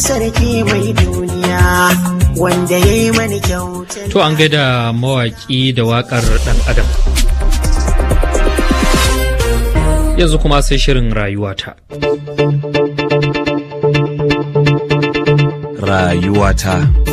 sarki mai duniya wanda ya yi mani kyauta. To an gaida mawaƙi da waƙar ɗan adam. Yanzu kuma sai shirin rayuwata. Rayuwata.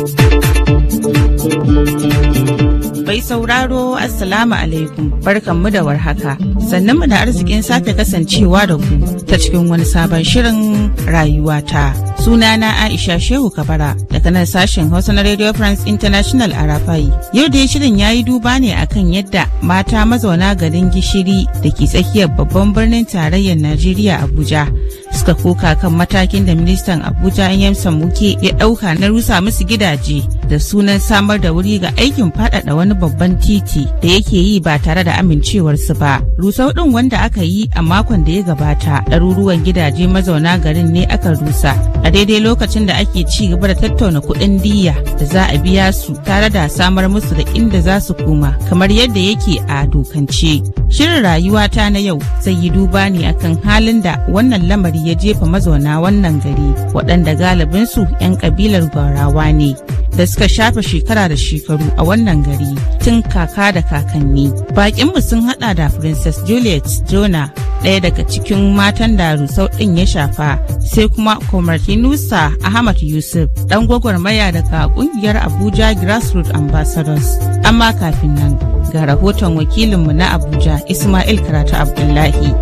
sauraro Assalamu alaikum barkan mu da warhaka sannan mu da arzikin sake kasancewa da ku ta cikin wani sabon shirin rayuwa ta sunana Aisha Shehu Kabara daga nan sashen Hausa na Radio France International a Rafai yau dai shirin ya yi duba ne akan yadda mata mazauna garin gishiri da ke tsakiyar babban birnin tarayyar Najeriya Abuja suka koka kan matakin da ministan Abuja Yamsa Muke ya ɗauka na rusa musu gidaje da sunan samar da wuri ga aikin faɗaɗa wani babban titi da yake yi ba tare da amincewarsu ba. Rusau ɗin wanda aka yi a makon da ya gabata ɗaruruwan gidaje mazauna garin ne aka rusa a daidai lokacin da ake ci gaba da tattauna kuɗin diya da za a biya su tare da samar musu da inda za su koma kamar yadda yake a dokance. Shirin rayuwata na yau zai yi duba ne akan halin da wannan lamari ya jefa mazauna wannan gari waɗanda galibinsu 'yan ƙabilar gwarawa ne. da suka shafe shekara da shekaru a wannan gari tun kaka da kakanni. Bakinmu sun hada da Princess Juliet Jona ɗaya daga cikin matan da rusau ɗin ya shafa sai kuma Komar Nusa Ahmad Yusuf ɗan gwagwarmaya daga ƙungiyar Abuja Grassroots Ambassadors. Amma kafin nan ga rahoton wakilinmu na Abuja Ismail Karatu Abdullahi.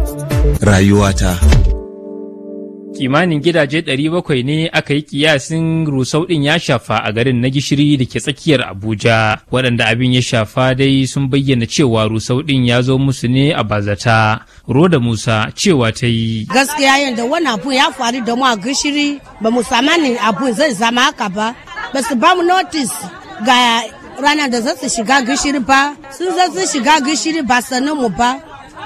Rayuwata. kimanin gidaje 700 ne aka yi kiyasin rusau din ya shafa a garin na gishiri da ke tsakiyar abuja waɗanda abin ya shafa dai sun bayyana cewa rusau din ya zo musu ne a bazata roda musa cewa ta yi gaskiya yadda wani abu ya faru da mu a gishiri ba mu samanin abu zai zama haka ba ba su ba mu notice ga ranar da za su shiga gishiri ba sun za su shiga gishiri ba sanin mu ba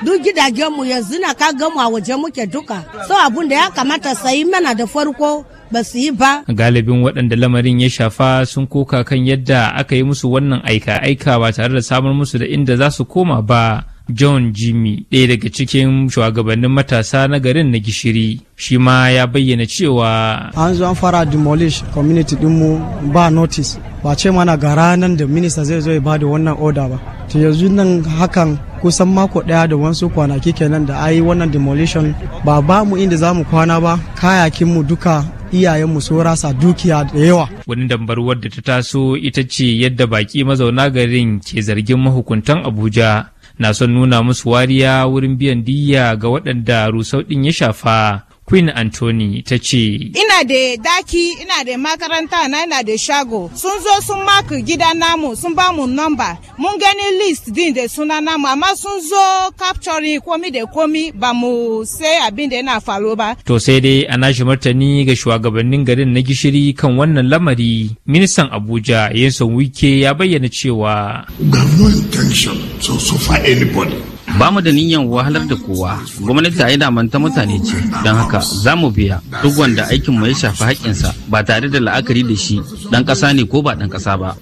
duk gidajenmu yanzu na ka gamu a waje muke duka so abun da ya kamata sayi mana da farko ba su yi ba. Galibin waɗanda lamarin ya shafa sun koka kan yadda aka yi musu wannan aika-aika ba tare da samar musu da inda za su koma ba. John Jimmy ɗaya daga cikin shugabannin matasa na garin na gishiri shi ma ya bayyana cewa an zo an fara demolish community dinmu ba notice ba ce mana ga ranar da minista zai zo ya ba da wannan order ba to yanzu nan hakan kusan mako daya da wasu kwanaki kenan da ayi wannan demolition ba ba mu inda za mu kwana ba kayakinmu duka iyayenmu su rasa dukiya da yawa. Wani dambarwar da ta taso ita ce yadda baki mazauna garin ke zargin mahukuntan Abuja na son nuna musu wariya wurin biyan diyya ga waɗanda rusau ɗin ya shafa Queen Anthony ta ce. Ina da daki, ina da makaranta na ina da shago. Sun zo sun maka gida namu, sun ba mu namba. Mun gani list din da suna namu, amma sun zo capturing komi da komi ba mu sai abin da yana faro ba. To sai dai ana shi martani ga shugabannin garin na gishiri kan wannan lamari. Ministan Abuja Yanson Wike ya bayyana cewa. We have no intention to suffer anybody. ba mu da niyyar wahalar da kowa gwamnati ai ta mutane ce don haka za mu biya duk wanda aikin mu ya shafi haƙƙinsa ba tare da la'akari da shi ɗan ƙasa ne ko ba ɗan ƙasa ba.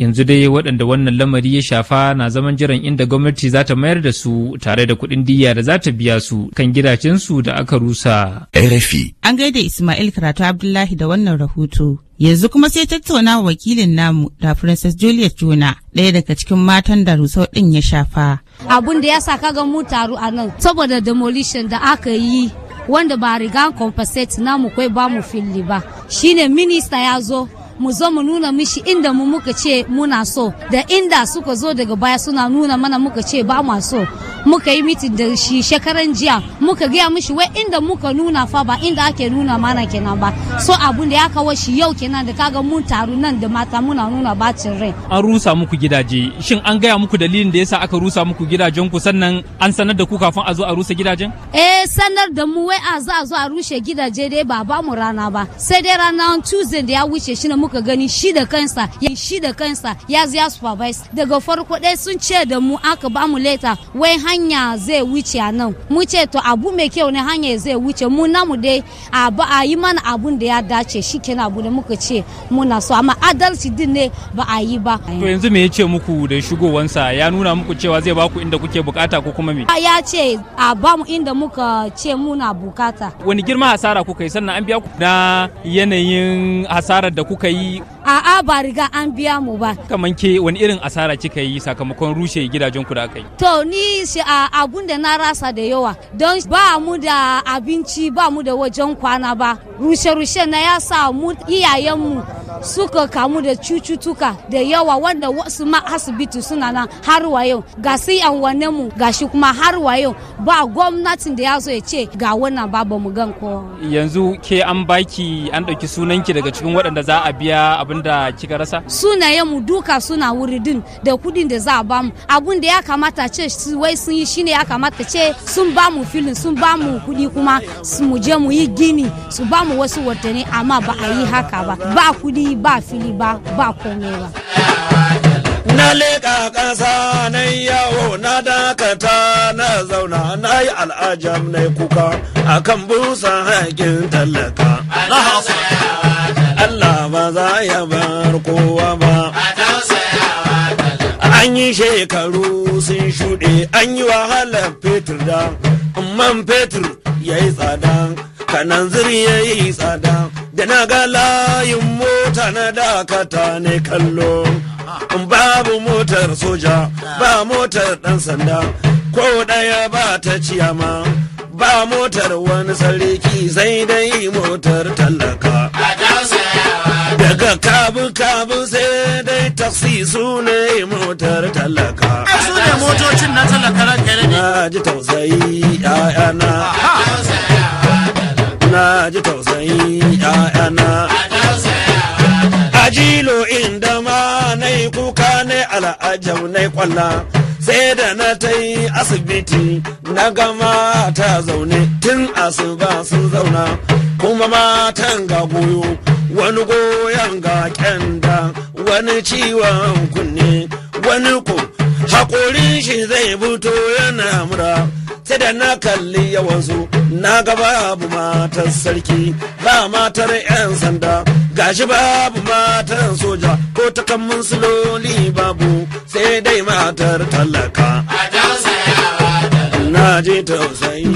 yanzu dai waɗanda wannan lamari ya shafa na zaman jiran inda gwamnati za ta mayar da su tare da kuɗin diya da za ta biya su kan gidajensu da aka rusa. RFI. An gaida Ismail Karatu Abdullahi da wannan rahoto. Yanzu kuma sai tattauna wakilin namu da Princess Juliet Juna ɗaya daga cikin matan da rusau ɗin ya shafa. Abun da ya sa ga mu taru a nan saboda demolition da aka yi wanda ba riga compensate namu kai ba mu fili ba shine minista ya zo mu zo mu nuna mishi inda mu muka ce muna so da inda suka zo daga baya suna nuna mana muka ce ba mu so muka yi mitin da shi shekaran jiya muka gaya mishi wai inda muka nuna fa ba inda ake nuna mana kenan ba so abun da ya kawo shi yau kenan da kaga mun taru nan da mata muna nuna bacin rai an rusa muku gidaje shin an gaya muku dalilin da yasa aka rusa muku gidajen ku sannan an sanar da ku kafin a zo a rusa gidajen eh sanar da mu wai a za a zo a rushe gidaje dai ba ba mu rana ba sai dai ranar tuesday da ya wuce shi ne kuka gani shi da kansa ya shi da kansa ya ziya supervise daga farko dai sun ce da mu aka ba mu leta wai hanya zai wuce a nan mu ce to abu mai kyau ne hanya zai wuce mu namu dai a ba a yi mana abun da ya dace shi kenan abu da muka ce muna so amma adalci din ne ba a yi ba to yanzu me ya muku da shigowansa ya nuna muku cewa zai ba ku inda kuke bukata ko kuma me ya ce a ba mu inda muka ce muna bukata wani girma hasara kuka yi sannan an biya ku na yanayin hasarar da kuka yi yi a'a ba riga an biya mu ba kaman ke wani irin asara kika yi sakamakon rushe gidajen ku da aka yi to ni shi abun da na rasa da yawa don ba mu da abinci ba mu da wajen kwana ba rushe-rushe na ya sa mu iyayen mu suka kamu da cututtuka da yawa wanda wasu ma asibiti suna nan har wa yau ga sai wane mu ga shi kuma har wa yau ba gwamnatin da ya so ya ce ga wannan babu mu gan ko yanzu ke an baki an ɗauki sunanki daga cikin waɗanda za a biya abin da kika rasa sunayen mu duka suna wuri din da kuɗin da za a bamu abin da ya kamata ce su wai sun yi shine ya kamata ce sun ba mu filin sun ba mu kuɗi kuma mu je mu yi gini su ba mu wasu watanni amma ba a yi haka ba ba kuɗi fili ba fili ba ba komai ba na leƙa ƙasa na yawo na dakata na zauna na yi al'ajam na kuka akan busa haƙin tallaka Allah ba za ya bar kowa ba an yi shekaru sun shuɗe an yi wahalar fetur da man fetur ya yi tsada kanan zuri ya yi tsada da na ga layin mu tana dakata ne kallo babu motar soja ba motar ɗan sanda ko ɗaya ba ta ciyama ba motar wani sarki sai dai motar tallaka daga kabu kabu sai dai taksi su ne motar tallaka su ne motocin na tallaka rankare ne na ji tausayi ayana na ji tausayi ayana ajilo inda ma na yi kuka na al'ajau na kwalla sai da na ta yi asibiti na gama ta zaune tun asuba sun zauna kuma matan ga goyo wani goyon ga kyanda wani ciwon kunne wani ko haƙorin shi zai buto yana mura sai da na kalli yawansu na ga babu matar sarki ba matar 'yan sanda gashi babu matan soja ko takamman siloli babu sai dai matar talaka.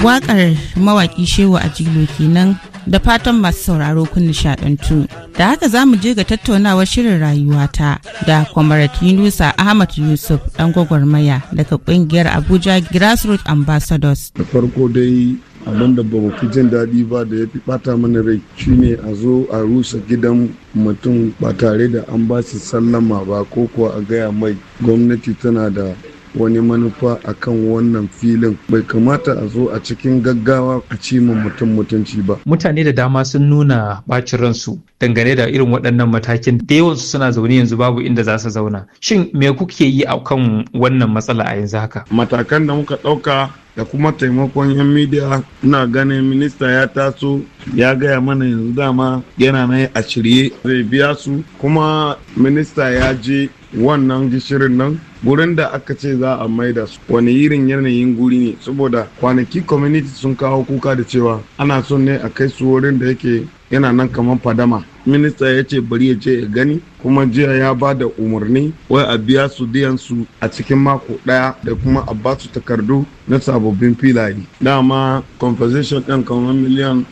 waƙar mawaƙi Shehu Ajilo kenan da fatan masu sauraro kun nishaɗantu. Da haka za mu je ga tattaunawar shirin rayuwata da Kwamarat Yunusa Ahmad Yusuf ɗan gwagwarmaya daga ƙungiyar Abuja Grassroots Ambassadors. Da farko dai abin da ba fi jin daɗi ba da ya fi ɓata mana rai shine a zo a rusa gidan mutum ba tare da an ba shi sallama ba ko kuwa a gaya mai gwamnati tana da wani manufa a kan wannan filin bai kamata a zo a cikin gaggawa a cima mutum mutunci ba mutane da dama sun nuna bacin ransu dangane da irin waɗannan matakin da yawansu suna zaune yanzu babu inda za su zauna shin me kuke yi a kan wannan matsala a yanzu haka matakan da muka ɗauka da kuma taimakon 'yan midiya ina ganin minista ya taso ya gaya mana yanzu dama yana nan a shirye zai biya su kuma minista ya je wannan gishirin nan gurin da aka ce za a maida su wani irin yanayin guri ne saboda kwanaki community sun kawo kuka da cewa ana son ne a kai su wurin da yake yana nan kamar fadama minista ya ce bari ya ce ya gani kuma jiya ya ba da umarni wai a biya su diyansu su a cikin mako daya da kuma a ba su takardu na sababbin filaye dama compensation ɗin kamar miliyan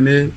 ne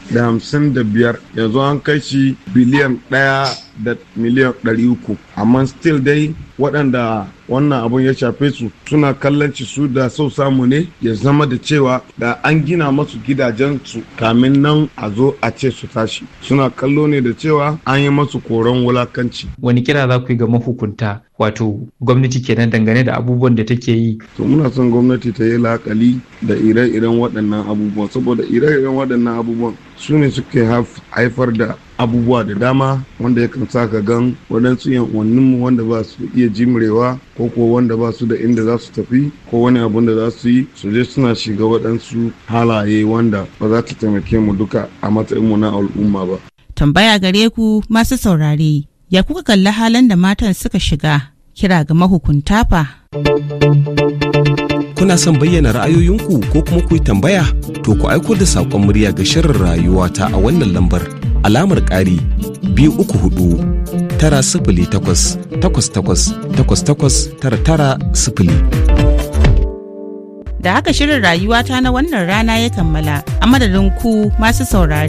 da biyar, yanzu an kai shi biliyan ɗaya da miliyan 300 amma still dai waɗanda wannan abun ya shafe su suna kallon su da sau samu ne ya zama da cewa da an gina masu gidajen su kamin nan a zo a ce su tashi suna kallo ne da cewa an yi masu koron wulakanci wani kira za ku yi ga mahukunta wato gwamnati kenan dangane da abubuwan da take yi to muna son gwamnati ta yi la'akali da ire-iren waɗannan abubuwan saboda ire-iren waɗannan abubuwan su ne suke haifar da abubuwa da dama wanda yakan sa ka gan waɗansu yan uwanninmu wanda ba su iya jimrewa ko kuwa wanda ba su da inda za su tafi ko wani abun da za su yi su je suna shiga waɗansu halaye wanda ba za ta taimake mu duka a matsayinmu na al'umma ba. Tambaya gare ku masu saurare, ya kuka kalli halin da matan suka shiga kira ga mahukunta fa. Kuna son bayyana ra'ayoyinku ko kuma ku yi tambaya? To ku aiko da saƙon murya ga shirin rayuwa ta a wannan lambar alamar ƙari biyu uku hudu tara sifili takwas takwas takwas takwas takwas tara tara sifili. Da haka shirin rayuwata na wannan rana ya kammala a madadin ku masu saurari.